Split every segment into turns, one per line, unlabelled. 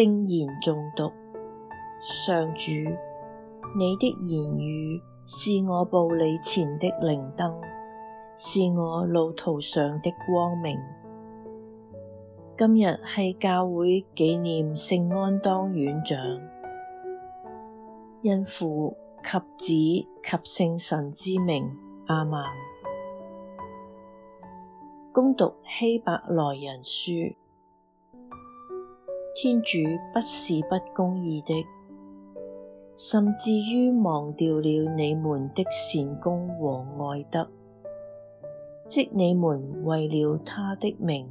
聖言誦讀。上主，你的言語是我步履前的靈燈，是我路途上的光明。今日係教會紀念聖安當院長，因父及子及聖神之名，阿們。恭讀希伯來人書。天主不是不公義的，甚至於忘掉了你們的善工和愛德，即你們為了他的名，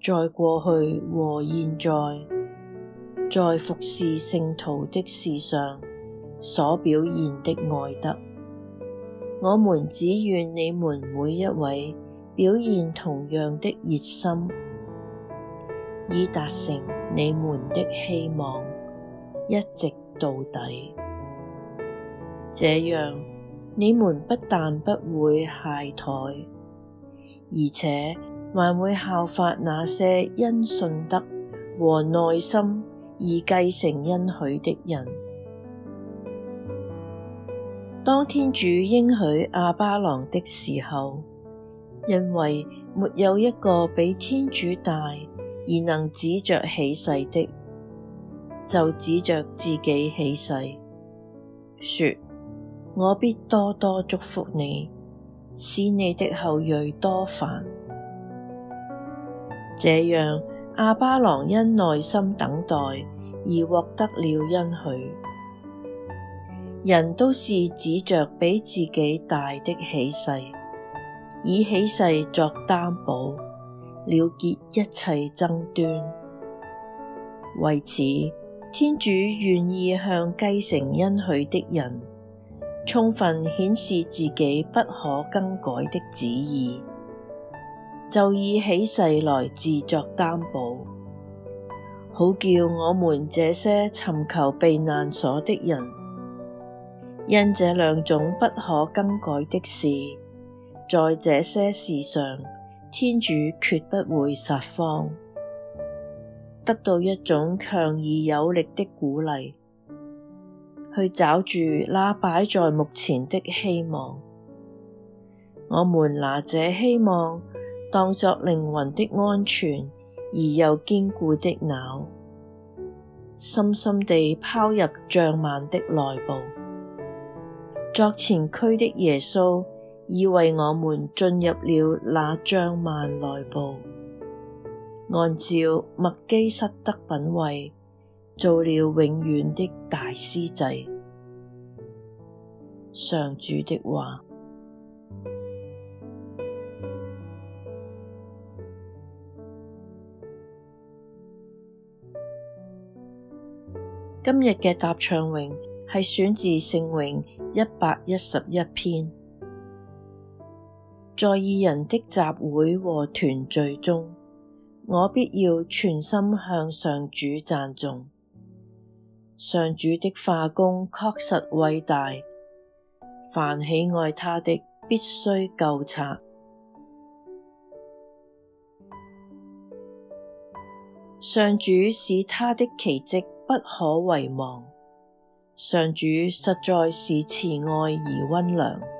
在過去和現在，在服侍聖徒的事上所表現的愛德。我們只願你們每一位表現同樣的熱心。以達成你們的希望，一直到底。這樣，你們不但不會懈怠，而且還會效法那些因信德和耐心而繼承恩許的人。當天主應許亞巴郎的時候，因為沒有一個比天主大，而能指着起誓的，就指着自己起誓，說，我必多多祝福你，使你的後裔多繁。這樣，亞巴郎因耐心等待而獲得了恩許。人都是指着比自己大的起誓，以起誓作擔保。了結一切爭端。為此，天主願意向繼承恩許的人充分顯示自己不可更改的旨意，就以起誓來自作擔保，好叫我們這些尋求避難所的人，因這兩種不可更改的事，在這些事上。天主決不會撒謊，得到一種強而有力的鼓勵，去抓住那擺在目前的希望。我們拿這希望當作靈魂的安全而又堅固的錨，深深地拋入帳幔的內部，作前驅的耶穌。以為我們進入了那帳幔內部，按照默基瑟德品位，做了永遠的大司祭。上主的話。今日嘅答唱詠係選自聖詠一百一十一篇。在義人的集會和團聚中，我必要全心向上主讚頌。上主的化工確實偉大，凡喜愛他的，必須究察。上主使他的奇跡不可遺忘。上主實在是慈愛而温良。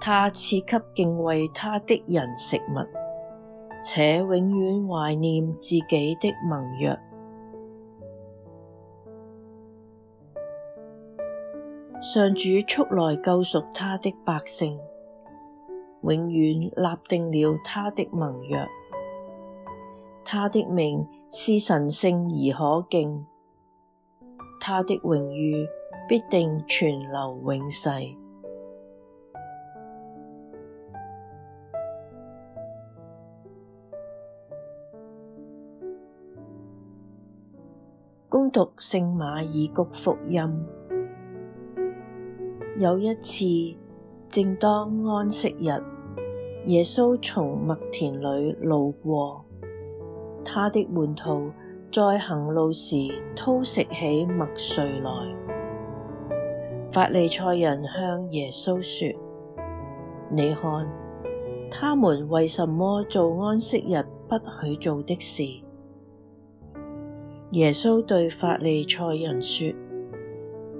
他賜給敬畏他的人食物，且永遠懷念自己的盟約。上主速來救贖他的百姓，永遠立定了他的盟約。他的名是神聖而可敬，他的榮譽必定存留永世。讀聖馬爾谷福音。有一次，正當安息日，耶穌從麥田裏路過，他的門徒在行路時偷食起麥穗來。法利賽人向耶穌說：「你看，他們為什麼做安息日不許做的事？耶穌對法利塞人說：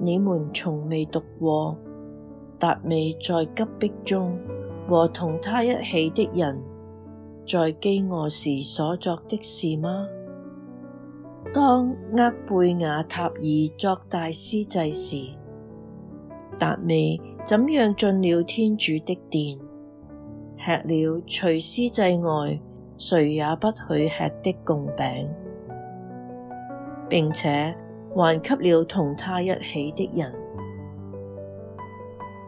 你們從未讀過，達味在急迫中和同他一起的人，在饑餓時所作的事嗎？當厄貝雅塔爾作大司祭時，達味怎樣進了天主的殿，吃了除司祭外，誰也不許吃的供餅？並且還給了同他一起的人。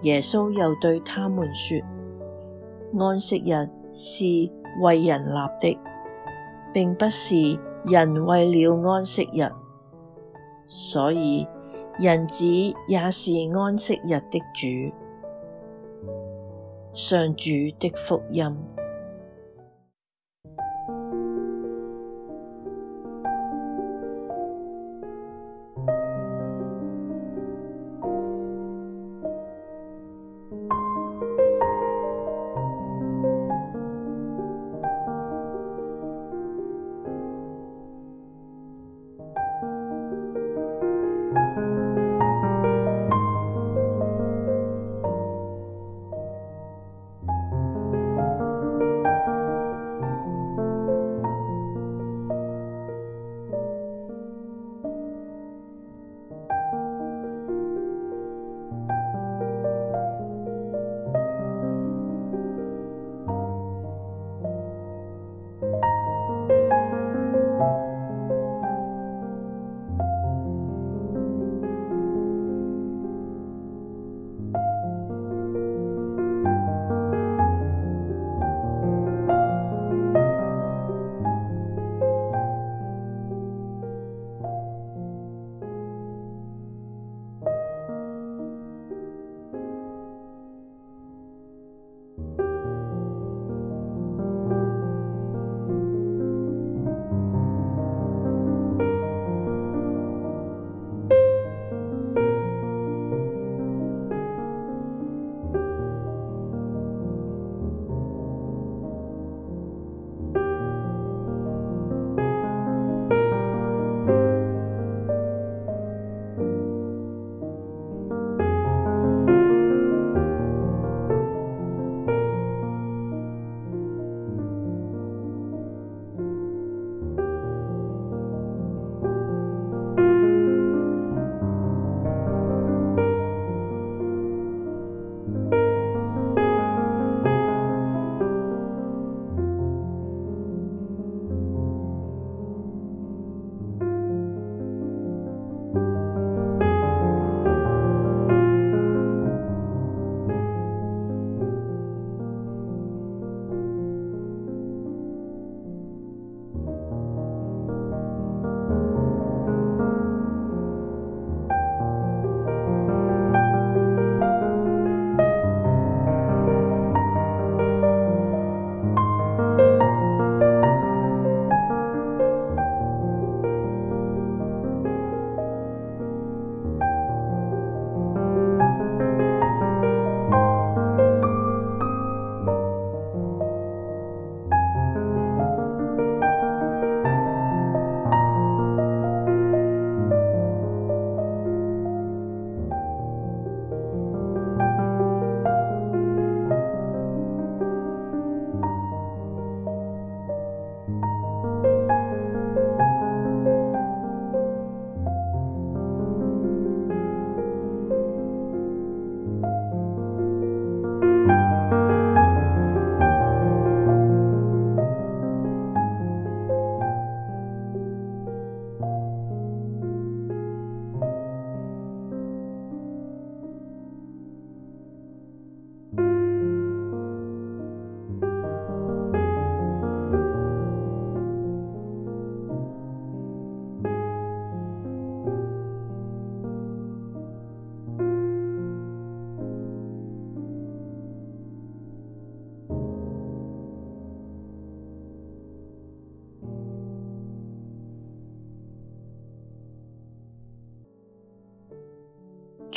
耶穌又對他們說：安息日是為人立的，並不是人為了安息日。所以，人子也是安息日的主。上主的福音。